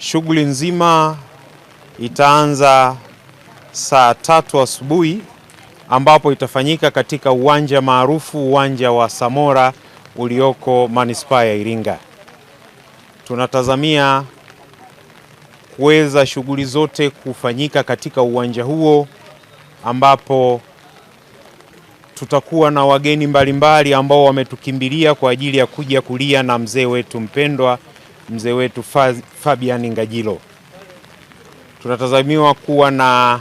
Shughuli nzima itaanza saa tatu asubuhi ambapo itafanyika katika uwanja maarufu, uwanja wa Samora ulioko manispaa ya Iringa. Tunatazamia kuweza shughuli zote kufanyika katika uwanja huo ambapo tutakuwa na wageni mbalimbali ambao wametukimbilia kwa ajili ya kuja kulia na mzee wetu mpendwa mzee wetu Fabian Ngajilo. Tunatazamiwa kuwa na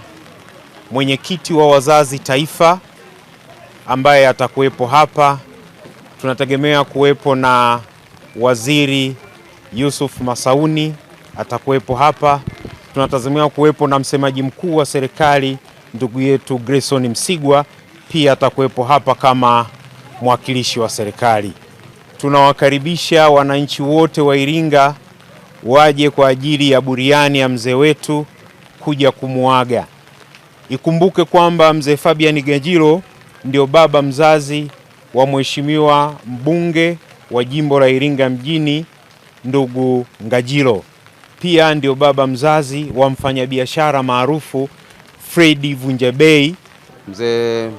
mwenyekiti wa wazazi taifa ambaye atakuwepo hapa. Tunategemea kuwepo na waziri Yusuf Masauni atakuwepo hapa. tunatazamiwa kuwepo na msemaji mkuu wa serikali ndugu yetu Grayson Msigwa pia atakuwepo hapa kama mwakilishi wa serikali tunawakaribisha wananchi wote wa Iringa waje kwa ajili ya buriani ya mzee wetu kuja kumuaga. Ikumbuke kwamba mzee Fabian Gajilo ndio baba mzazi wa mheshimiwa mbunge wa jimbo la Iringa mjini ndugu Ngajilo, pia ndio baba mzazi wa mfanyabiashara maarufu Fredi Vunjabei. Mzee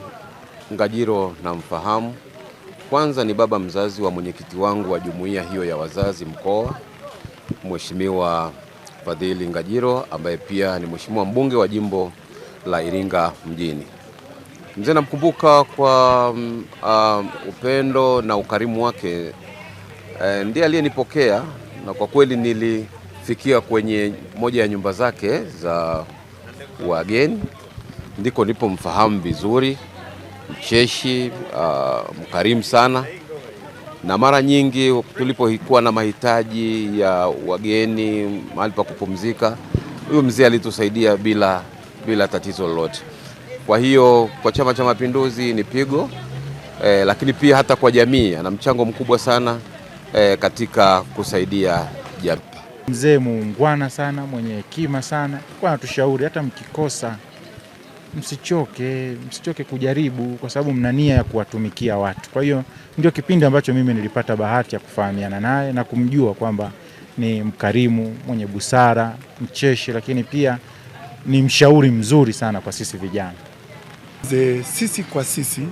Ngajilo namfahamu kwanza ni baba mzazi wa mwenyekiti wangu wa jumuiya hiyo ya wazazi mkoa, Mheshimiwa Fadhili Ngajiro ambaye pia ni mheshimiwa mbunge wa jimbo la Iringa mjini. Mzee namkumbuka kwa um, upendo na ukarimu wake eh, ndiye aliyenipokea na kwa kweli nilifikia kwenye moja ya nyumba zake za wageni, ndiko nilipomfahamu vizuri mcheshi uh, mkarimu sana, na mara nyingi tulipokuwa na mahitaji ya wageni, mahali pa kupumzika, huyo mzee alitusaidia bila, bila tatizo lolote. Kwa hiyo kwa Chama cha Mapinduzi ni pigo eh, lakini pia hata kwa jamii ana mchango mkubwa sana eh, katika kusaidia jamii. Mzee muungwana sana, mwenye hekima sana, kwa anatushauri hata mkikosa msichoke, msichoke kujaribu, kwa sababu mna nia ya kuwatumikia watu. Kwa hiyo ndio kipindi ambacho mimi nilipata bahati ya kufahamiana naye na kumjua kwamba ni mkarimu, mwenye busara, mcheshi, lakini pia ni mshauri mzuri sana kwa sisi vijana. Sisi kwa sisi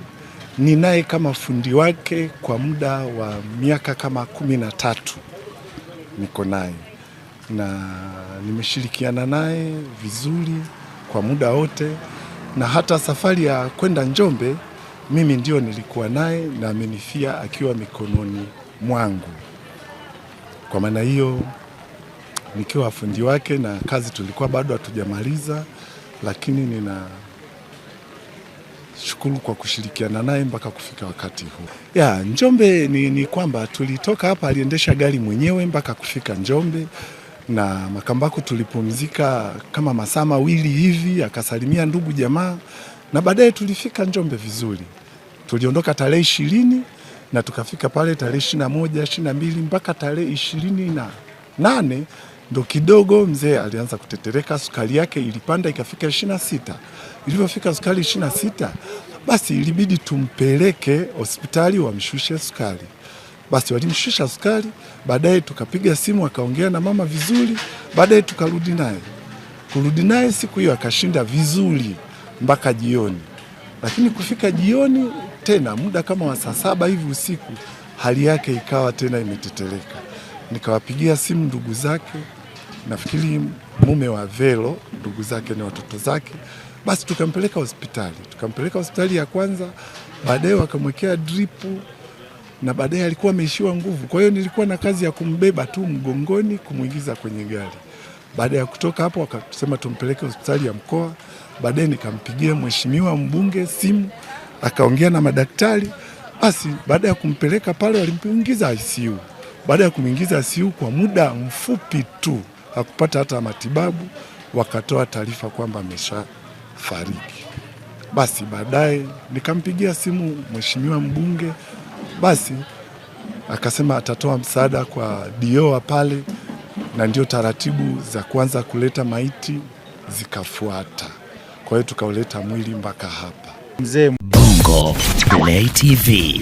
ni naye kama fundi wake kwa muda wa miaka kama kumi na tatu niko naye na nimeshirikiana naye vizuri kwa muda wote na hata safari ya kwenda Njombe mimi ndio nilikuwa naye na amenifia akiwa mikononi mwangu. Kwa maana hiyo, nikiwa fundi wake na kazi tulikuwa bado hatujamaliza, lakini nina shukuru kwa kushirikiana naye mpaka kufika wakati huu. Ya Njombe ni, ni kwamba tulitoka hapa, aliendesha gari mwenyewe mpaka kufika Njombe na Makambaku tulipumzika kama masaa mawili hivi, akasalimia ndugu jamaa, na baadaye tulifika Njombe vizuri. Tuliondoka tarehe ishirini na tukafika pale tarehe ishirini na moja ishirini na mbili mpaka tarehe ishirini na nane ndo kidogo mzee alianza kutetereka, sukari yake ilipanda ikafika ishirini na sita Ilivyofika sukari ishirini na sita basi ilibidi tumpeleke hospitali wamshushe sukari basi walimshusha sukari. Baadaye tukapiga simu, akaongea na mama vizuri, baadaye tukarudi naye kurudi naye siku hiyo akashinda vizuri mpaka jioni, lakini kufika jioni tena muda kama wa saa saba hivi usiku, hali yake ikawa tena imeteteleka. Nikawapigia simu ndugu zake, nafikiri mume wa velo ndugu zake na watoto zake. Basi tukampeleka hospitali, tukampeleka hospitali ya kwanza, baadaye wakamwekea dripu na baadaye alikuwa ameishiwa nguvu. Kwa hiyo nilikuwa na kazi ya kumbeba tu mgongoni, kumwingiza kwenye gari. Baada ya kutoka hapo, akasema tumpeleke hospitali ya mkoa. Baadaye nikampigia mheshimiwa mbunge simu, akaongea na madaktari. Basi baada ya kumpeleka pale, walimwingiza ICU. Baada ya kumwingiza ICU kwa muda mfupi tu, hakupata hata matibabu, wakatoa taarifa kwamba ameshafariki. Basi baadaye nikampigia simu mheshimiwa mbunge basi akasema atatoa msaada kwa dioa pale, na ndio taratibu za kwanza kuleta maiti zikafuata. Kwa hiyo tukauleta mwili mpaka hapa. Mzee Bongo Play TV.